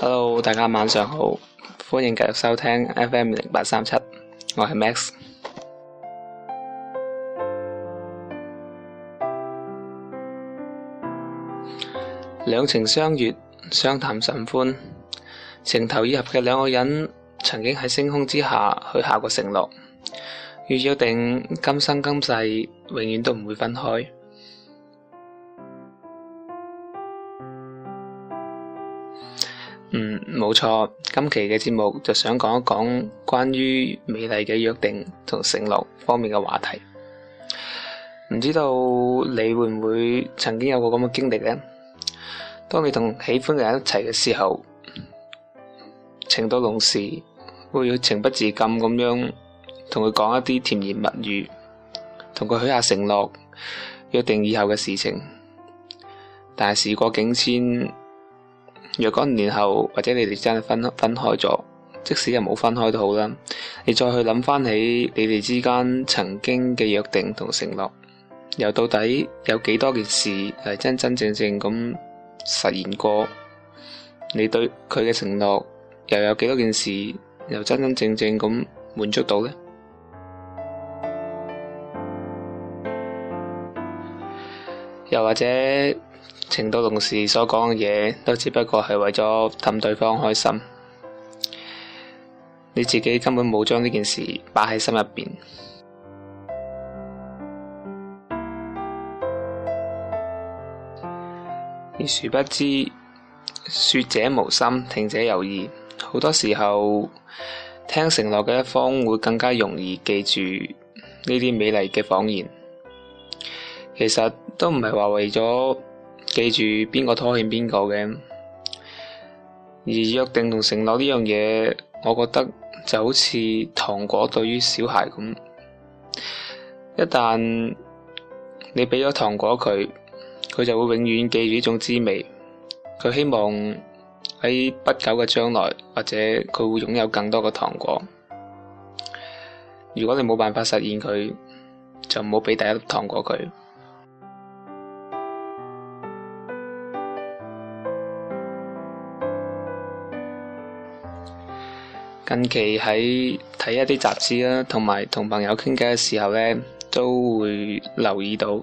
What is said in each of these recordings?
Hello，大家晚上好，歡迎繼續收聽 FM 零八三七，我係 Max。兩情相悦，相談甚歡，情投意合嘅兩個人，曾經喺星空之下許下過承諾，預約定今生今世永遠都唔會分開。冇錯，今期嘅節目就想講一講關於美麗嘅約定同承諾方面嘅話題。唔知道你會唔會曾經有過咁嘅經歷呢？當你同喜歡嘅人一齊嘅時候，情到濃時，會要情不自禁咁樣同佢講一啲甜言蜜語，同佢許下承諾，約定以後嘅事情。但係事過境遷。若干年後，或者你哋真係分分開咗，即使又冇分開都好啦，你再去諗翻起你哋之間曾經嘅約定同承諾，又到底有幾多件事係真真正正咁實現過？你對佢嘅承諾又有幾多件事又真真正正咁滿足到呢？又或者，情到濃時所講嘅嘢，都只不過係為咗氹對方開心。你自己根本冇將呢件事擺喺心入邊，你 殊不知說者無心，聽者有意。好多時候聽承諾嘅一方會更加容易記住呢啲美麗嘅謊言。其實都唔係話為咗。記住邊個拖欠邊個嘅，而約定同承諾呢樣嘢，我覺得就好似糖果對於小孩咁。一旦你俾咗糖果佢，佢就會永遠記住呢種滋味。佢希望喺不久嘅將來，或者佢會擁有更多嘅糖果。如果你冇辦法實現佢，就唔好俾第一粒糖果佢。近期喺睇一啲雜誌啦，同埋同朋友傾偈嘅時候咧，都會留意到，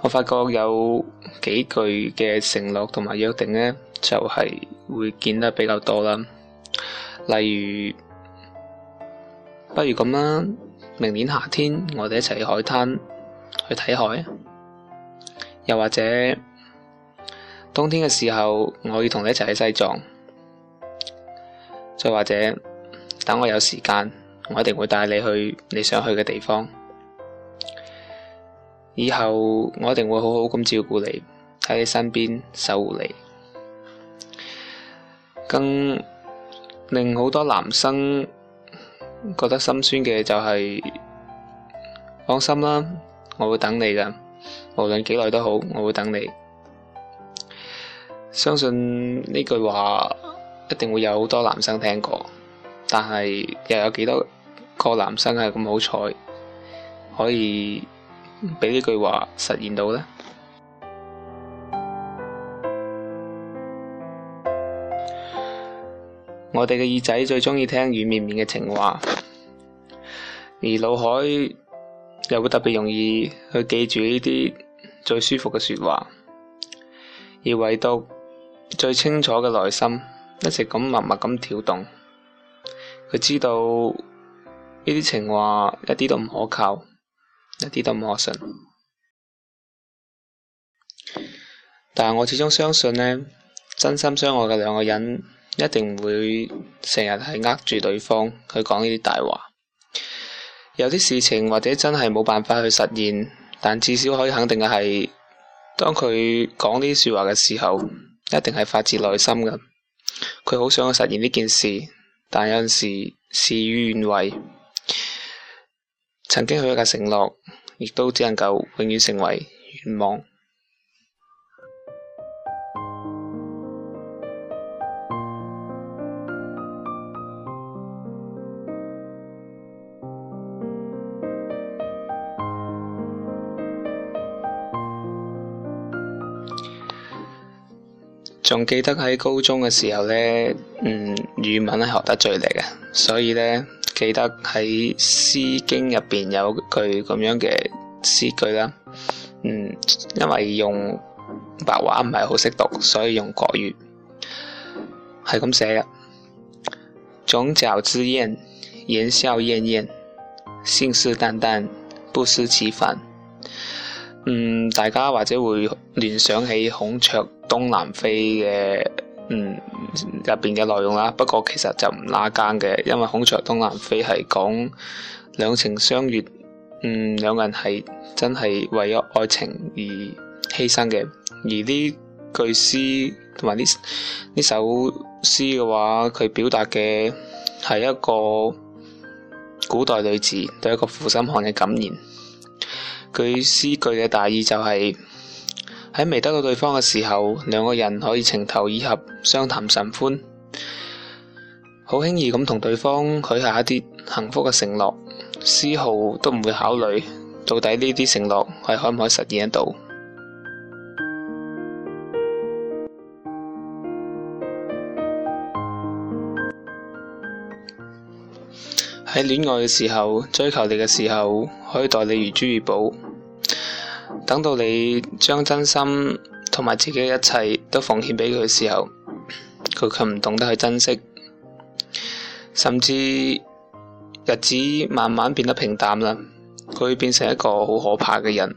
我發覺有幾句嘅承諾同埋約定咧，就係會見得比較多啦。例如，不如咁啦，明年夏天我哋一齊去海灘去睇海，又或者冬天嘅時候，我要同你一齊去西藏。再或者。等我有時間，我一定會帶你去你想去嘅地方。以後我一定會好好咁照顧你，喺你身邊守護你。更令好多男生覺得心酸嘅就係、是、放心啦，我會等你噶，無論幾耐都好，我會等你。相信呢句話一定會有好多男生聽過。但係又有幾多個男生係咁好彩，可以俾呢句話實現到呢？ 我哋嘅耳仔最鍾意聽軟綿綿嘅情話，而腦海又會特別容易去記住呢啲最舒服嘅說話，而唯獨最清楚嘅內心一直咁默默咁跳動。佢知道呢啲情話一啲都唔可靠，一啲都唔可信。但係我始終相信呢真心相愛嘅兩個人一定唔會成日係呃住對方去講呢啲大話。有啲事情或者真係冇辦法去實現，但至少可以肯定嘅係，當佢講呢啲說話嘅時候，一定係發自內心嘅。佢好想去實現呢件事。但有陣時事與願違，曾經許下嘅承諾，亦都只能夠永遠成為願望。仲記得喺高中嘅時候咧，嗯，語文係學得最叻嘅，所以咧記得喺《詩經》入邊有句咁樣嘅詩句啦，嗯，因為用白話唔係好識讀，所以用國語係咁寫嘅：「總角之宴，言笑晏晏，信誓旦旦，不思其反。」嗯，大家或者會聯想起《孔雀東南飛》嘅嗯入邊嘅內容啦。不過其實就唔拉更嘅，因為《孔雀東南飛》係講兩情相悅，嗯，兩個人係真係為咗愛情而犧牲嘅。而呢句詩同埋呢呢首詩嘅話，佢表達嘅係一個古代女子對一個負心漢嘅感言。句詩句嘅大意就係、是，喺未得到對方嘅時候，兩個人可以情投意合，相談甚歡，好輕易咁同對方許下一啲幸福嘅承諾，絲毫都唔會考慮到底呢啲承諾係可唔可以實現得到。喺戀愛嘅時候，追求你嘅時候，可以待你如珠如寶；等到你將真心同埋自己嘅一切都奉獻俾佢嘅時候，佢卻唔懂得去珍惜，甚至日子慢慢變得平淡啦。佢會變成一個好可怕嘅人，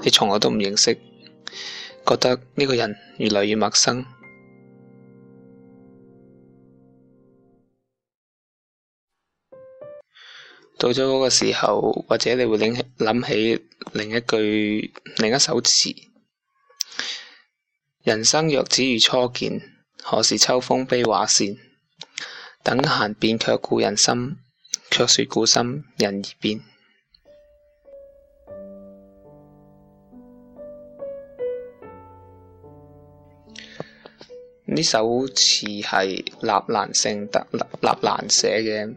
你從來都唔認識，覺得呢個人越嚟越陌生。到咗嗰個時候，或者你會諗起，諗起另一句另一首詞：人生若只如初見，何事秋風悲畫扇？等閒變卻故人心，卻說故心人易變。呢 首詞係納蘭性德納納蘭寫嘅，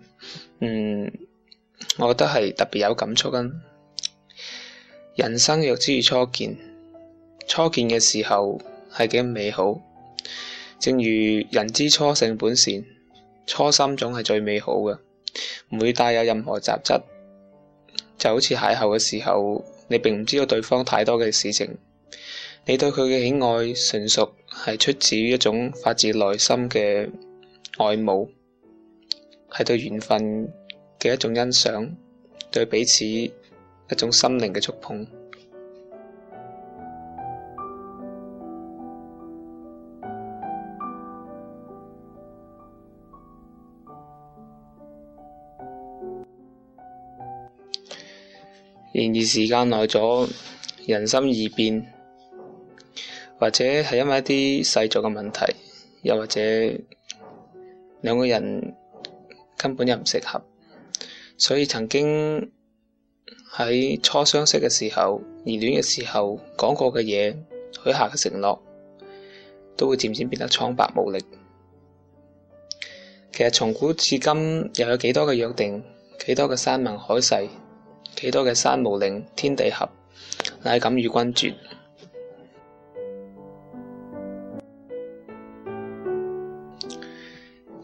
嗯。我覺得係特別有感觸嘅，啊。人生若只如初見，初見嘅時候係幾美好。正如人之初性本善，初心總係最美好嘅，唔會帶有任何雜質。就好似邂逅嘅時候，你並唔知道對方太多嘅事情，你對佢嘅喜愛純屬係出自於一種發自內心嘅愛慕，係對緣分。嘅一種欣賞，對彼此一種心靈嘅觸碰。然而 時間耐咗，人心易變，或者係因為一啲細節嘅問題，又或者兩個人根本就唔適合。所以曾經喺初相識嘅時候、熱戀嘅時候講過嘅嘢、許下嘅承諾，都會漸漸變得蒼白無力。其實從古至今，又有幾多嘅約定、幾多嘅山盟海誓、幾多嘅山無陵、天地合，乃敢與君絕？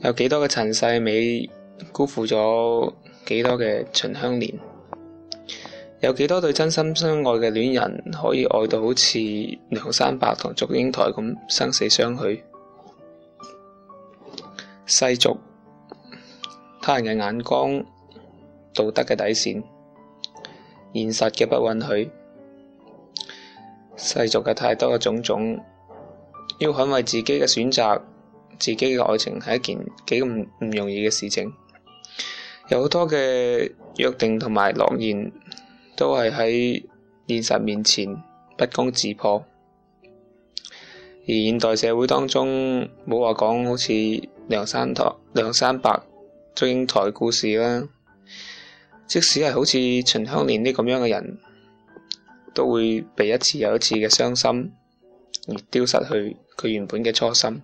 有幾多嘅陳世美，辜負咗？幾多嘅秦香蓮，有幾多對真心相愛嘅戀人可以愛到好似梁山伯同祝英台咁生死相許？世俗、他人嘅眼光、道德嘅底線、現實嘅不允許，世俗嘅太多嘅種種，要捍衛自己嘅選擇、自己嘅愛情係一件幾咁唔容易嘅事情。有好多嘅約定同埋諾言，都係喺現實面前不攻自破。而現代社會當中，冇話講好似梁山托、梁山伯、祝英台故事啦。即使係好似秦香蓮呢咁樣嘅人，都會被一次又一次嘅傷心而丟失去佢原本嘅初心。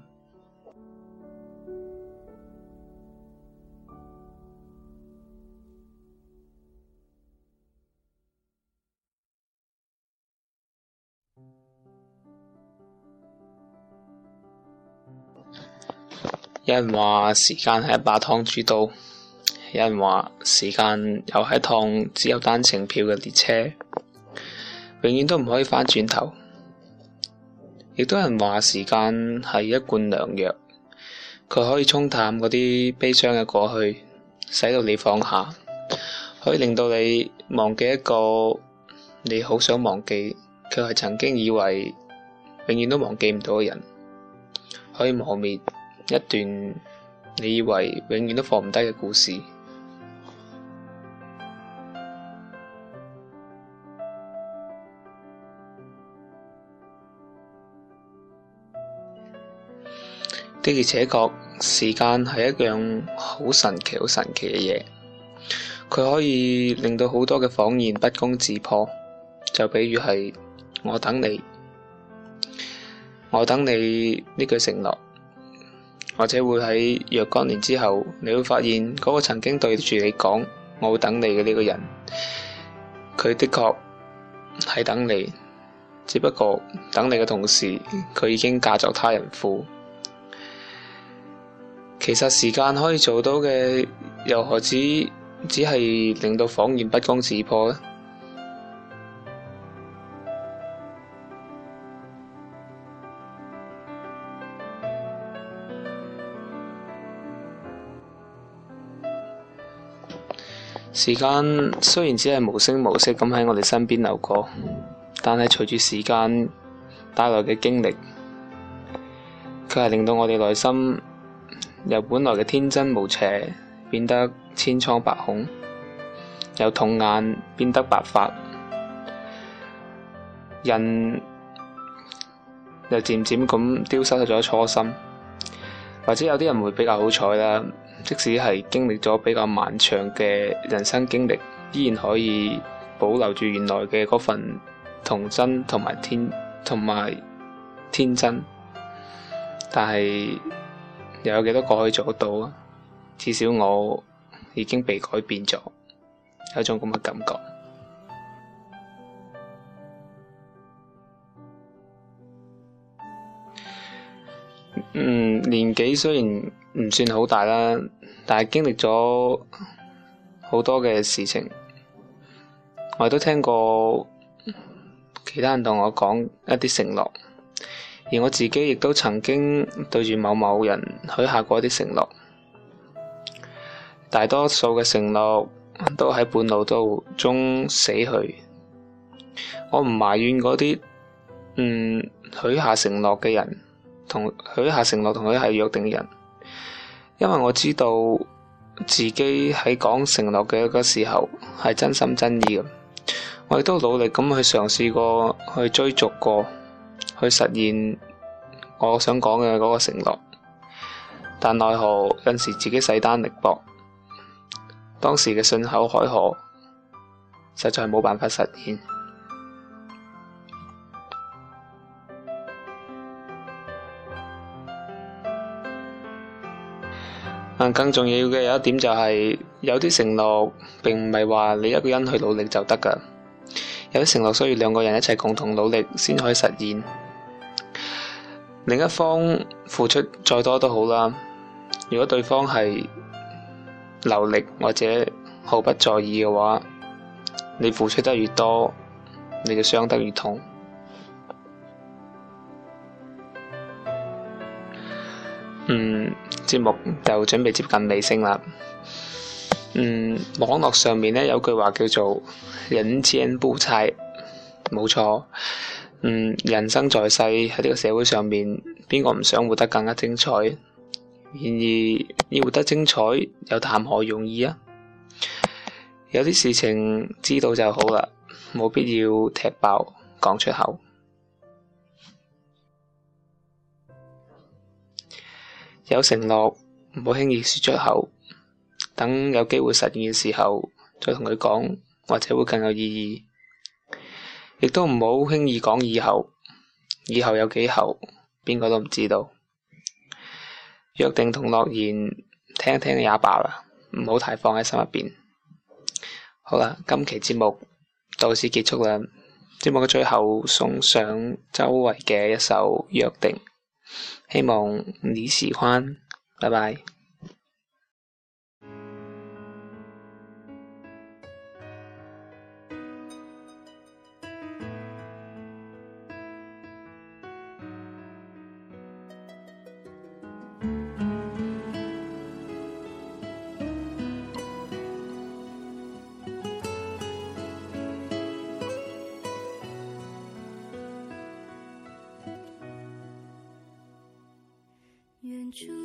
有人話時間係一把劏豬刀，有人話時間又係一趟只有單程票嘅列車，永遠都唔可以翻轉頭。亦都有人話時間係一罐良藥，佢可以沖淡嗰啲悲傷嘅過去，使到你放下，可以令到你忘記一個你好想忘記，佢係曾經以為永遠都忘記唔到嘅人，可以磨滅。一段你以為永遠都放唔低嘅故事，的而且確時間係一樣好神奇、好神奇嘅嘢。佢可以令到好多嘅謊言不攻自破，就比如係我等你，我等你呢句承諾。或者會喺若干年之後，你會發現嗰個曾經對住你講我會等你嘅呢個人，佢的確係等你，只不過等你嘅同時，佢已經嫁作他人婦。其實時間可以做到嘅，又何止只係令到謊言不攻自破咧？時間雖然只係無聲無息咁喺我哋身邊流過，但係隨住時間帶來嘅經歷，佢係令到我哋內心由本來嘅天真無邪變得千瘡百孔，由童顏變得白髮，人又漸漸咁丟失咗初心。或者有啲人會比較好彩啦。即使係經歷咗比較漫長嘅人生經歷，依然可以保留住原來嘅嗰份童真同埋天同埋天真，但係又有幾多個可以做得到啊？至少我已經被改變咗，有種咁嘅感覺。嗯，年紀雖然唔算好大啦。但係經歷咗好多嘅事情，我亦都聽過其他人同我講一啲承諾，而我自己亦都曾經對住某某人許下過一啲承諾。大多數嘅承諾都喺半路途中死去。我唔埋怨嗰啲，嗯，許下承諾嘅人同許下承諾同佢係約定嘅人。因為我知道自己喺講承諾嘅嗰個時候係真心真意嘅，我亦都努力咁去嘗試過，去追逐過，去實現我想講嘅嗰個承諾。但奈何有時自己勢單力薄，當時嘅信口開河，實在係冇辦法實現。更重要嘅有一點就係，有啲承諾並唔係話你一個人去努力就得噶，有啲承諾需要兩個人一齊共同努力先可以實現。另一方付出再多都好啦，如果對方係流力或者毫不在意嘅話，你付出得越多，你就傷得越痛。嗯，節目就準備接近尾聲啦。嗯，網絡上面呢，有句話叫做“人前報菜”，冇錯。嗯，人生在世喺呢個社會上面，邊個唔想活得更加精彩？然而要活得精彩，有談何容易啊？有啲事情知道就好啦，冇必要踢爆講出口。有承諾唔好輕易説出口，等有機會實現嘅時候再同佢講，或者會更有意義。亦都唔好輕易講以後，以後有幾後，邊個都唔知道。約定同諾言，聽一聽也罷啦，唔好太放喺心入邊。好啦，今期節目到此結束啦。節目嘅最後送上周蕙嘅一首《約定》。希望你喜歡，拜拜。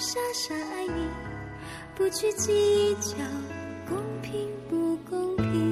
傻傻愛你，不去計較公平不公平。